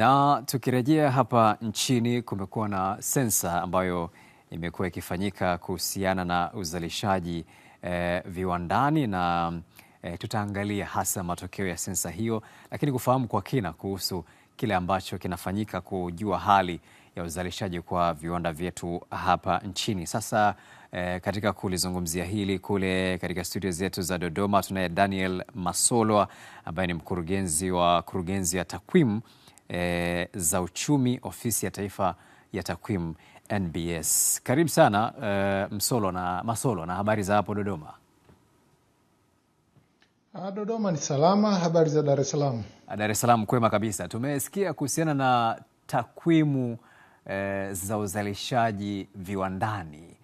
Na tukirejea hapa nchini, kumekuwa na sensa ambayo imekuwa ikifanyika kuhusiana na uzalishaji eh, viwandani na eh, tutaangalia hasa matokeo ya sensa hiyo, lakini kufahamu kwa kina kuhusu kile ambacho kinafanyika kujua hali ya uzalishaji kwa viwanda vyetu hapa nchini. Sasa eh, katika kulizungumzia hili kule katika studio zetu za Dodoma tunaye Daniel Masolwa ambaye ni mkurugenzi wa kurugenzi ya takwimu e, za uchumi ofisi ya taifa ya takwimu NBS. Karibu sana e, Msolo na Masolo, na habari za hapo Dodoma? Ah, Dodoma ni salama. Habari za Dar es Salaam? Ah, Dar es Salaam kwema kabisa. Tumesikia kuhusiana na takwimu e, za uzalishaji viwandani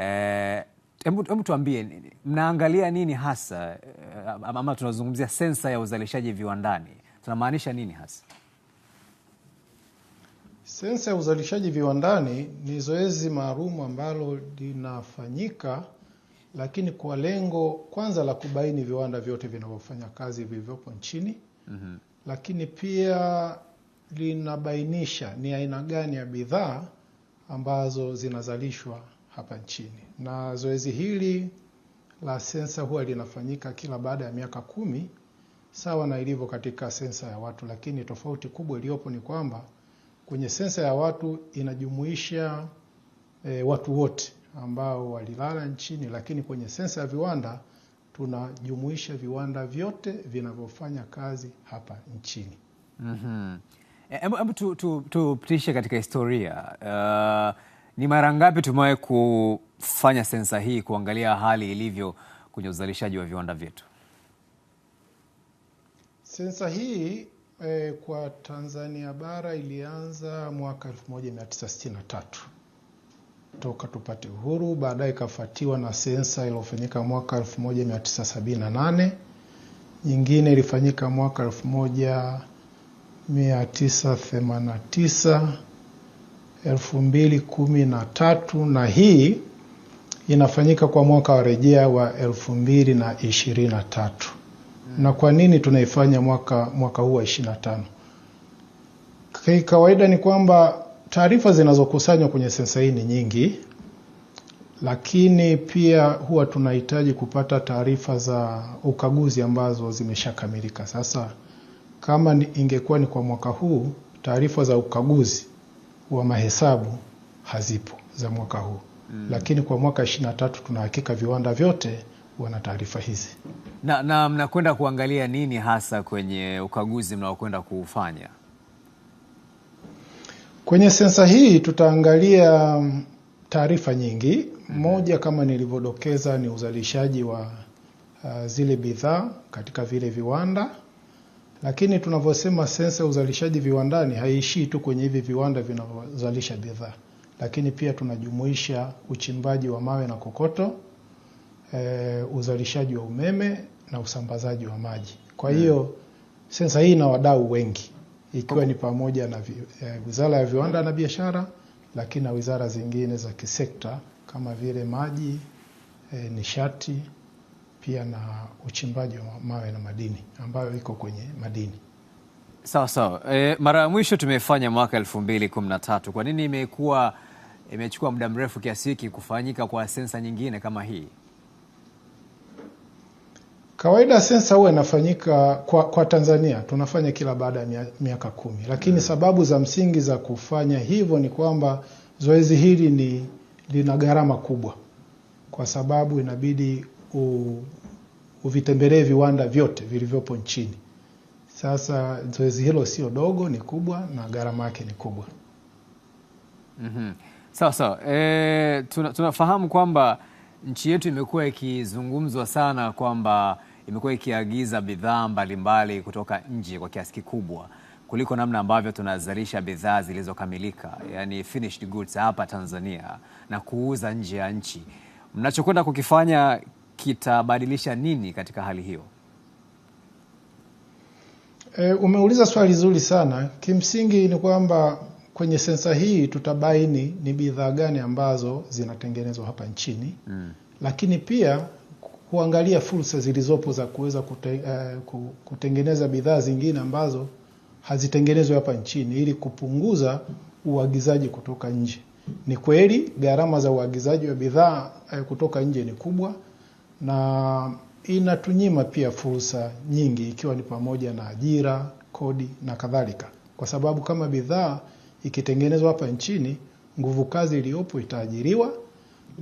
e, Hebu tuambie mnaangalia nini hasa ama tunazungumzia sensa ya uzalishaji viwandani tunamaanisha nini hasa? Sensa ya uzalishaji viwandani ni zoezi maalum ambalo linafanyika, lakini kwa lengo kwanza la kubaini viwanda vyote vinavyofanya kazi vilivyopo nchini mm -hmm. Lakini pia linabainisha ni aina gani ya bidhaa ambazo zinazalishwa hapa nchini, na zoezi hili la sensa huwa linafanyika kila baada ya miaka kumi, sawa na ilivyo katika sensa ya watu, lakini tofauti kubwa iliyopo ni kwamba kwenye sensa ya watu inajumuisha e, watu wote ambao walilala nchini, lakini kwenye sensa ya viwanda tunajumuisha viwanda vyote vinavyofanya kazi hapa nchini. mm -hmm. tupitishe e, tu, tu, katika historia uh, ni mara ngapi tumewahi kufanya sensa hii kuangalia hali ilivyo kwenye uzalishaji wa viwanda vyetu? Sensa hii e, kwa Tanzania bara ilianza mwaka 1963 toka tupate uhuru, baadaye ikafuatiwa na sensa iliyofanyika mwaka 1978, nyingine ilifanyika mwaka 1989, 2013 na hii inafanyika kwa mwaka wa rejea wa 2023 na kwa nini tunaifanya mwaka mwaka huu wa 25. Kawaida ni kwamba taarifa zinazokusanywa kwenye sensa hii ni nyingi, lakini pia huwa tunahitaji kupata taarifa za ukaguzi ambazo zimeshakamilika. Sasa kama ni, ingekuwa ni kwa mwaka huu, taarifa za ukaguzi wa mahesabu hazipo za mwaka huu mm. Lakini kwa mwaka 23 tunahakika viwanda vyote wana taarifa hizi. Na, na mnakwenda kuangalia nini hasa kwenye ukaguzi mnaokwenda kuufanya? Kwenye sensa hii tutaangalia mm, taarifa nyingi. Mhm. Moja kama nilivyodokeza ni uzalishaji wa uh, zile bidhaa katika vile viwanda, lakini tunavyosema sensa ya uzalishaji viwandani haiishii tu kwenye hivi viwanda vinavyozalisha bidhaa, lakini pia tunajumuisha uchimbaji wa mawe na kokoto, e, uzalishaji wa umeme na usambazaji wa maji. Kwa hmm. hiyo hmm, sensa hii ina wadau wengi ikiwa ni pamoja na Wizara ya Viwanda na Biashara, lakini na wizara zingine za kisekta kama vile maji, e, nishati pia na uchimbaji wa mawe na madini ambayo iko kwenye madini. Sawa sawa. E, mara ya mwisho tumefanya mwaka elfu mbili kumi na tatu. Kwa nini imekuwa imechukua muda mrefu kiasi hiki kufanyika kwa sensa nyingine kama hii? Kawaida sensa huwa inafanyika kwa, kwa Tanzania tunafanya kila baada ya miaka kumi, lakini mm. sababu za msingi za kufanya hivyo ni kwamba zoezi hili ni lina gharama kubwa, kwa sababu inabidi uvitembelee viwanda vyote vilivyopo nchini. Sasa zoezi hilo sio dogo, ni kubwa na gharama yake ni kubwa. mm -hmm. Sawa sawa. E, tunafahamu tuna kwamba nchi yetu imekuwa ikizungumzwa sana kwamba imekuwa ikiagiza bidhaa mbalimbali kutoka nje kwa kiasi kikubwa kuliko namna ambavyo tunazalisha bidhaa zilizokamilika, yani finished goods hapa Tanzania na kuuza nje ya nchi. Mnachokwenda kukifanya kitabadilisha nini katika hali hiyo? E, umeuliza swali zuri sana. Kimsingi ni kwamba kwenye sensa hii tutabaini ni bidhaa gani ambazo zinatengenezwa hapa nchini mm. Lakini pia huangalia fursa zilizopo za kuweza kute, uh, kutengeneza bidhaa zingine ambazo hazitengenezwi hapa nchini ili kupunguza uagizaji kutoka nje. Ni kweli gharama za uagizaji wa bidhaa uh, kutoka nje ni kubwa na inatunyima pia fursa nyingi ikiwa ni pamoja na ajira, kodi na kadhalika, kwa sababu kama bidhaa ikitengenezwa hapa nchini, nguvu kazi iliyopo itaajiriwa,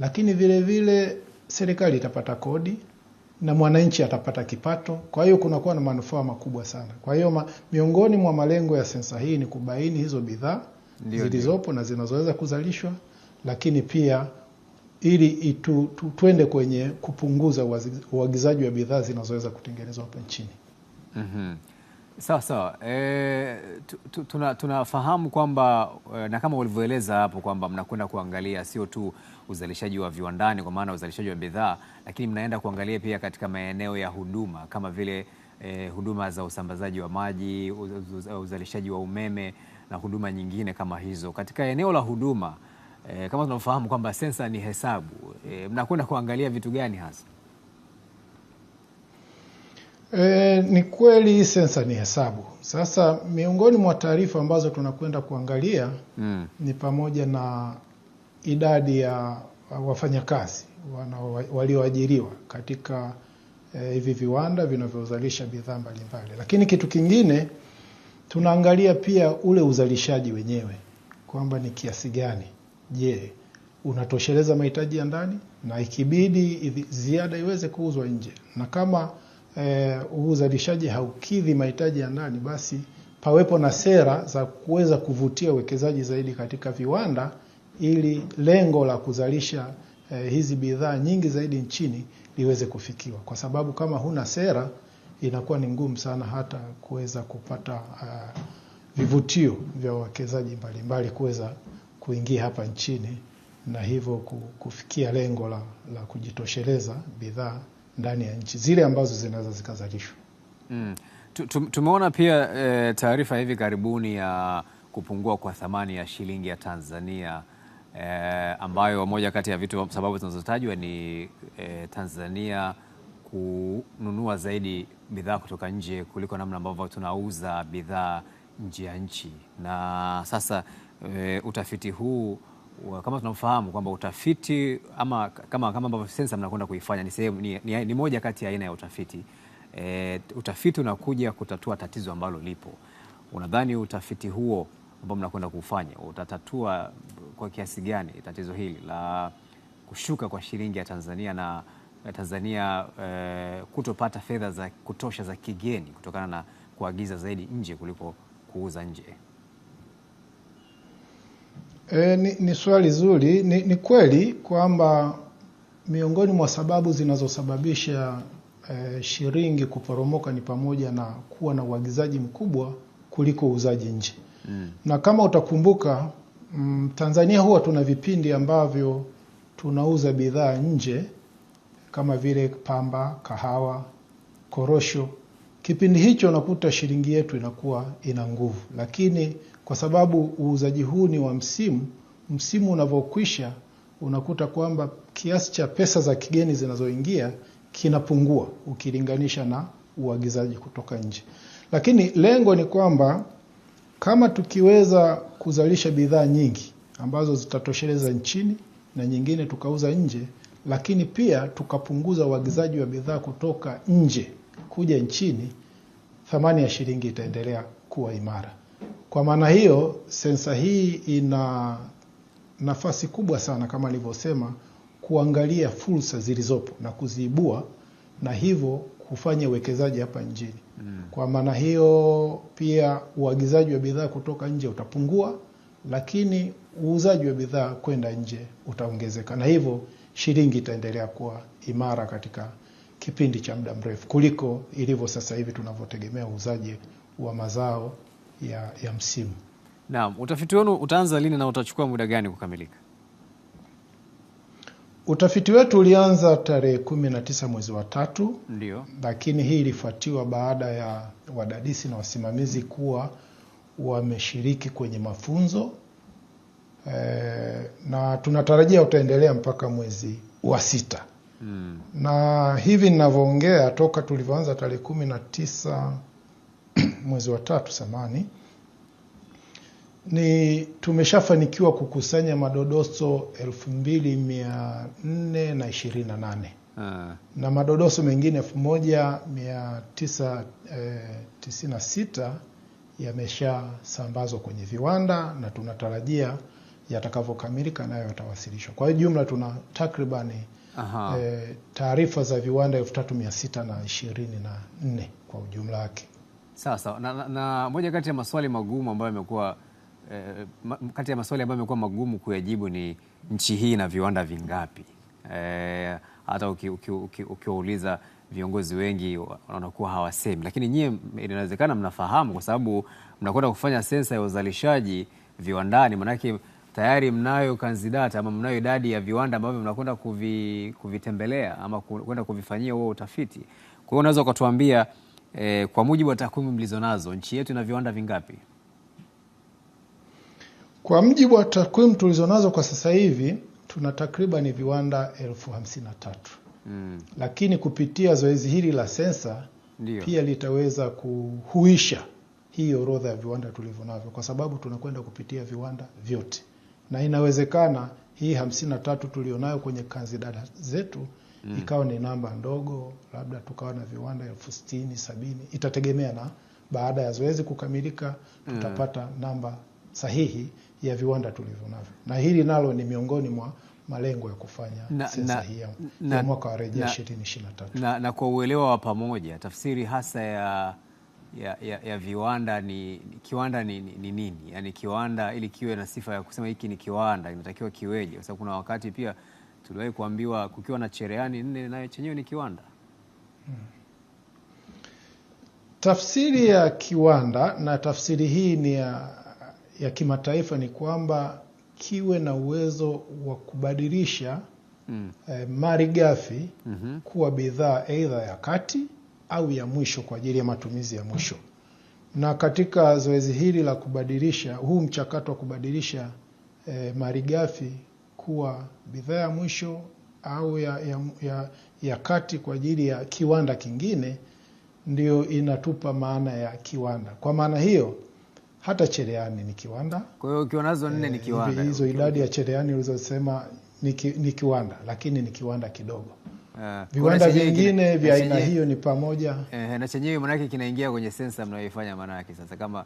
lakini vile vile serikali itapata kodi na mwananchi atapata kipato. Kwa hiyo kunakuwa na manufaa makubwa sana. Kwa hiyo ma, miongoni mwa malengo ya sensa hii ni kubaini hizo bidhaa zilizopo na zinazoweza kuzalishwa, lakini pia ili itu, tu, tuende kwenye kupunguza uagizaji wa bidhaa zinazoweza kutengenezwa hapa nchini. mm -hmm. Sawa sawa. E, tunafahamu tuna kwamba eh, na kama ulivyoeleza hapo kwamba mnakwenda kuangalia sio tu uzalishaji wa viwandani kwa maana uzalishaji wa bidhaa, lakini mnaenda kuangalia pia katika maeneo ya huduma kama vile e, huduma za usambazaji wa maji, uzalishaji wa umeme na huduma nyingine kama hizo. Katika eneo la huduma e, kama tunavyofahamu kwamba sensa ni hesabu e, mnakwenda kuangalia vitu gani hasa? E, ni kweli sensa ni hesabu. Sasa miongoni mwa taarifa ambazo tunakwenda kuangalia mm. ni pamoja na idadi ya uh, wafanyakazi walioajiriwa katika e, hivi viwanda vinavyozalisha bidhaa mbalimbali, lakini kitu kingine tunaangalia pia ule uzalishaji wenyewe kwamba ni kiasi gani. Je, unatosheleza mahitaji ya ndani, na ikibidi ziada iweze kuuzwa nje, na kama eh, uzalishaji haukidhi mahitaji ya ndani, basi pawepo na sera za kuweza kuvutia uwekezaji zaidi katika viwanda ili lengo la kuzalisha eh, hizi bidhaa nyingi zaidi nchini liweze kufikiwa, kwa sababu kama huna sera inakuwa ni ngumu sana hata kuweza kupata uh, vivutio vya wawekezaji mbalimbali kuweza kuingia hapa nchini na hivyo kufikia lengo la, la kujitosheleza bidhaa ndani ya nchi zile ambazo zinaweza zikazalishwa. Mm. Tumeona pia e, taarifa hivi karibuni ya kupungua kwa thamani ya shilingi ya Tanzania e, ambayo moja kati ya vitu sababu zinazotajwa ni e, Tanzania kununua zaidi bidhaa kutoka nje kuliko namna ambavyo tunauza bidhaa nje ya nchi. Na sasa e, utafiti huu kama tunafahamu kwamba utafiti ama kama kama ambavyo sensa mnakwenda kuifanya ni sehemu ni, ni, ni moja kati ya aina ya utafiti e, utafiti unakuja kutatua tatizo ambalo lipo. Unadhani utafiti huo ambao mnakwenda kuufanya utatatua kwa kiasi gani tatizo hili la kushuka kwa shilingi ya Tanzania na Tanzania e, kutopata fedha za kutosha za kigeni kutokana na kuagiza zaidi nje kuliko kuuza nje? E, ni, ni swali zuri. Ni, ni kweli kwamba miongoni mwa sababu zinazosababisha e, eh, shilingi kuporomoka ni pamoja na kuwa na uagizaji mkubwa kuliko uuzaji nje. Mm. Na kama utakumbuka mm, Tanzania huwa tuna vipindi ambavyo tunauza bidhaa nje kama vile pamba, kahawa, korosho Kipindi hicho unakuta shilingi yetu inakuwa ina nguvu, lakini kwa sababu uuzaji huu ni wa msimu, msimu unavyokwisha unakuta kwamba kiasi cha pesa za kigeni zinazoingia kinapungua ukilinganisha na uagizaji kutoka nje. Lakini lengo ni kwamba kama tukiweza kuzalisha bidhaa nyingi ambazo zitatosheleza nchini na nyingine tukauza nje, lakini pia tukapunguza uagizaji wa bidhaa kutoka nje kuja nchini, thamani ya shilingi itaendelea kuwa imara. Kwa maana hiyo, sensa hii ina nafasi kubwa sana kama alivyosema, kuangalia fursa zilizopo na kuziibua na hivyo kufanya uwekezaji hapa nchini mm. Kwa maana hiyo pia uagizaji wa bidhaa kutoka nje utapungua, lakini uuzaji wa bidhaa kwenda nje utaongezeka, na hivyo shilingi itaendelea kuwa imara katika kipindi cha muda mrefu kuliko ilivyo sasa hivi tunavyotegemea uuzaji wa mazao ya, ya msimu. Naam, utafiti wenu utaanza lini na utachukua muda gani kukamilika? Utafiti wetu ulianza tarehe kumi na tisa mwezi wa tatu. Ndio. Lakini hii ilifuatiwa baada ya wadadisi na wasimamizi kuwa wameshiriki kwenye mafunzo e, na tunatarajia utaendelea mpaka mwezi wa sita. Hmm. na hivi ninavyoongea toka tulivyoanza tarehe kumi na tisa mwezi wa tatu samani ni tumeshafanikiwa kukusanya madodoso elfu mbili mia nne na ishirini na nane ah. na madodoso mengine elfu moja mia tisa e, tisini na sita yameshasambazwa kwenye viwanda na tunatarajia yatakavyokamilika nayo yatawasilishwa. Kwa hiyo jumla tuna takribani e, taarifa za viwanda elfu tatu mia sita na ishirini na nne kwa ujumla wake. Sawa sawa na, na, na moja kati ya maswali magumu ambayo yamekuwa eh, kati ya maswali ambayo yamekuwa magumu kuyajibu ni nchi hii na viwanda vingapi? Eh, hata ukiwauliza uki, uki, uki viongozi wengi wanakuwa hawasemi, lakini nyie inawezekana mnafahamu kwa sababu mnakwenda kufanya sensa ya uzalishaji viwandani manake tayari mnayo kanzidata ama mnayo idadi ya viwanda ambavyo mnakwenda kuvi, kuvitembelea ama kwenda kuvifanyia huo utafiti. Kwa hiyo unaweza ukatuambia eh, kwa mujibu wa takwimu mlizonazo nchi yetu ina viwanda vingapi? Kwa mujibu wa takwimu tulizonazo kwa sasa hivi tuna takriban viwanda elfu hamsini na tatu mm. Lakini kupitia zoezi hili la sensa Ndiyo. pia litaweza kuhuisha hii orodha ya viwanda navyo kwa sababu tunakwenda kupitia viwanda vyote na inawezekana hii hamsini na tatu tulionayo kwenye kanzi dada zetu mm. ikawa ni namba ndogo, labda tukawa na viwanda elfu sitini sabini, itategemea na baada ya zoezi kukamilika mm. tutapata mm. namba sahihi ya viwanda tulivyo navyo, na hili nalo ni miongoni mwa malengo ya kufanya sensa hii ya mwaka wa rejea 2023 na, na, na kwa uelewa wa pamoja, tafsiri hasa ya ya, ya, ya viwanda ni kiwanda ni, ni, ni nini? Yaani kiwanda ili kiwe na sifa ya kusema hiki ni kiwanda inatakiwa kiweje? Kwa sababu kuna wakati pia tuliwahi kuambiwa kukiwa na cherehani nne nayo chenyewe ni kiwanda hmm. Tafsiri ya kiwanda na tafsiri hii ni ya, ya kimataifa ni kwamba kiwe na uwezo wa kubadilisha mm. eh, malighafi mm -hmm. kuwa bidhaa aidha ya kati au ya mwisho kwa ajili ya matumizi ya mwisho. Na katika zoezi hili la kubadilisha, huu mchakato wa kubadilisha e, malighafi kuwa bidhaa ya mwisho au ya, ya, ya, ya kati kwa ajili ya kiwanda kingine ndio inatupa maana ya kiwanda. Kwa maana hiyo hata chereani ni kiwanda. Kwa hiyo ukiwa nazo nne ni eh, kiwanda. Hizo idadi ya chereani ulizosema ni, ki, ni kiwanda, lakini ni kiwanda kidogo. Uh, viwanda vingine vya aina hiyo ni pamoja eh, na chenyewe manake kinaingia kwenye sensa mnayoifanya manake sasa kama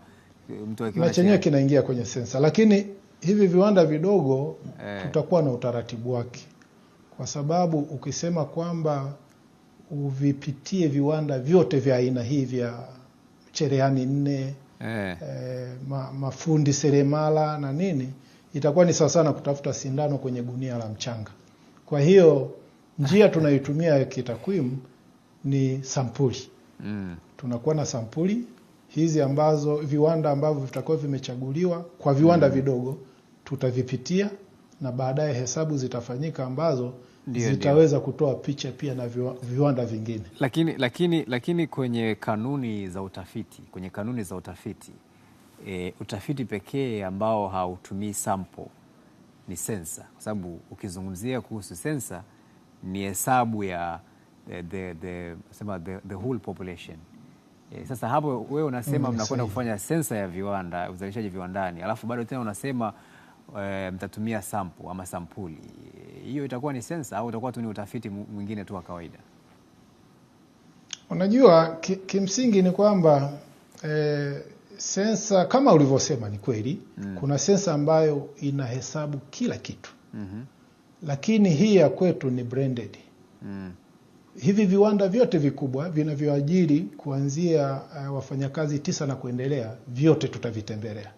eh, mtu akiwa na chenyewe kinaingia kwenye sensa, lakini hivi viwanda vidogo eh, tutakuwa na utaratibu wake, kwa sababu ukisema kwamba uvipitie viwanda vyote vya aina hii vya cherehani nne eh, eh, ma, mafundi seremala na nini, itakuwa ni sawa sana kutafuta sindano kwenye gunia la mchanga. Kwa hiyo Njia tunayoitumia ya kitakwimu ni sampuli mm. Tunakuwa na sampuli hizi ambazo viwanda ambavyo vitakuwa vimechaguliwa kwa viwanda mm. vidogo tutavipitia na baadaye hesabu zitafanyika ambazo Dio, zitaweza dio, kutoa picha pia na viwanda vingine. Lakini, lakini, lakini kwenye kanuni za utafiti kwenye kanuni za utafiti e, utafiti pekee ambao hautumii sample ni sensa, kwa sababu ukizungumzia kuhusu sensa ni hesabu ya the, the, the, sema the, the whole population. E, sasa hapo wewe unasema mm, mnakwenda kufanya sensa ya viwanda, uzalishaji viwandani, alafu bado tena unasema e, mtatumia sample ama sampuli. E, hiyo itakuwa ni sensa au itakuwa tu ni utafiti mwingine tu wa kawaida? Unajua ki, kimsingi ni kwamba e, sensa kama ulivyosema ni kweli mm. Kuna sensa ambayo inahesabu kila kitu mm -hmm lakini hii ya kwetu ni branded mm. Hivi viwanda vyote vikubwa vinavyoajiri kuanzia uh, wafanyakazi tisa na kuendelea, vyote tutavitembelea,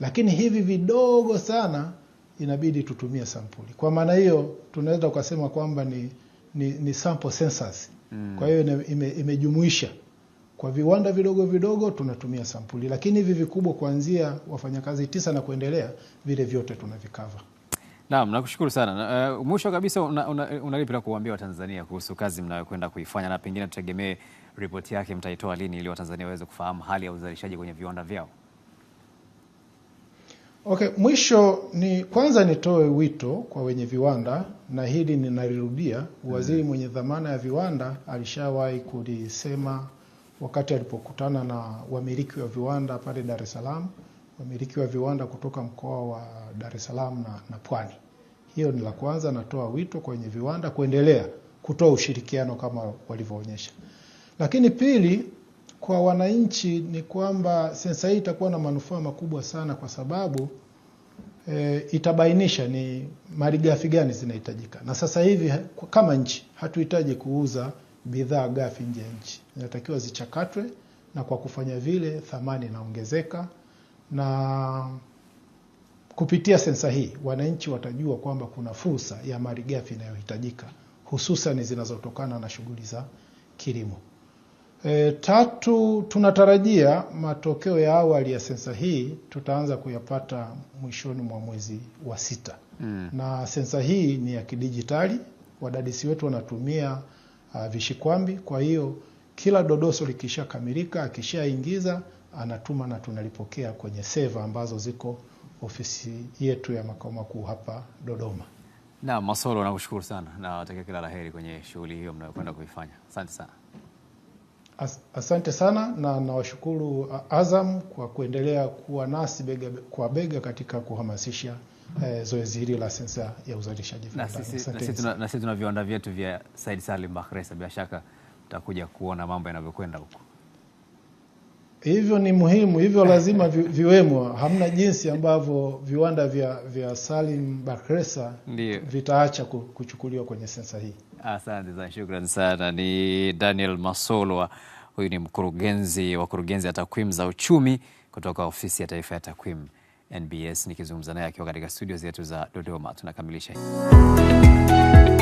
lakini hivi vidogo sana inabidi tutumie sampuli. Kwa maana hiyo tunaweza ukasema kwamba ni, ni, ni sample census. mm. Kwa hiyo ime, imejumuisha kwa viwanda vidogo vidogo tunatumia sampuli, lakini hivi vikubwa kuanzia wafanyakazi tisa na kuendelea, vile vyote tunavikava. Naam, nakushukuru sana. Uh, mwisho kabisa una, una, la kuwaambia Watanzania kuhusu kazi mnayokwenda kuifanya na pengine tutegemee ripoti yake mtaitoa lini ili Watanzania waweze kufahamu hali ya uzalishaji kwenye viwanda vyao? Okay, mwisho ni kwanza nitoe wito kwa wenye viwanda na hili ninalirudia. Hmm. Waziri mwenye dhamana ya viwanda alishawahi kulisema wakati alipokutana na wamiliki wa viwanda pale Dar es Salaam wamiliki wa viwanda kutoka mkoa wa Dar es Salaam na, na Pwani. Hiyo ni la kwanza. Natoa wito kwenye viwanda kuendelea kutoa ushirikiano kama walivyoonyesha. Lakini pili, kwa wananchi ni kwamba sensa hii itakuwa na manufaa makubwa sana kwa sababu e, itabainisha ni malighafi gani zinahitajika, na sasa hivi kama nchi hatuhitaji kuuza bidhaa ghafi nje ya nchi, zinatakiwa zichakatwe, na kwa kufanya vile thamani inaongezeka na kupitia sensa hii wananchi watajua kwamba kuna fursa ya malighafi inayohitajika hususan zinazotokana na shughuli za kilimo. E, tatu, tunatarajia matokeo ya awali ya sensa hii tutaanza kuyapata mwishoni mwa mwezi wa sita. Mm. Na sensa hii ni ya kidijitali, wadadisi wetu wanatumia uh, vishikwambi, kwa hiyo kila dodoso likishakamilika, akishaingiza anatuma na tunalipokea kwenye seva ambazo ziko ofisi yetu ya makao makuu hapa Dodoma. Na Masolo, nakushukuru sana na watakia kila la heri kwenye shughuli hiyo mnayokwenda kuifanya. Asante sana. As, asante sana na nawashukuru Azam kwa kuendelea kuwa nasi bega kwa bega katika kuhamasisha eh, zoezi hili la sensa ya uzalishaji Na sisi tuna viwanda vyetu vya Said Salim Bakhresa bila shaka utakuja kuona mambo yanavyokwenda huko. Hivyo ni muhimu, hivyo lazima vi, viwemo. Hamna jinsi ambavyo viwanda vya, vya Salim Bakresa vitaacha kuchukuliwa kwenye sensa hii. Asante sana, shukrani sana. Ni Daniel Masolwa, huyu ni mkurugenzi wa kurugenzi ya takwimu za uchumi kutoka Ofisi ya Taifa ya Takwimu NBS, nikizungumza naye akiwa katika studio zetu za Dodoma. Tunakamilisha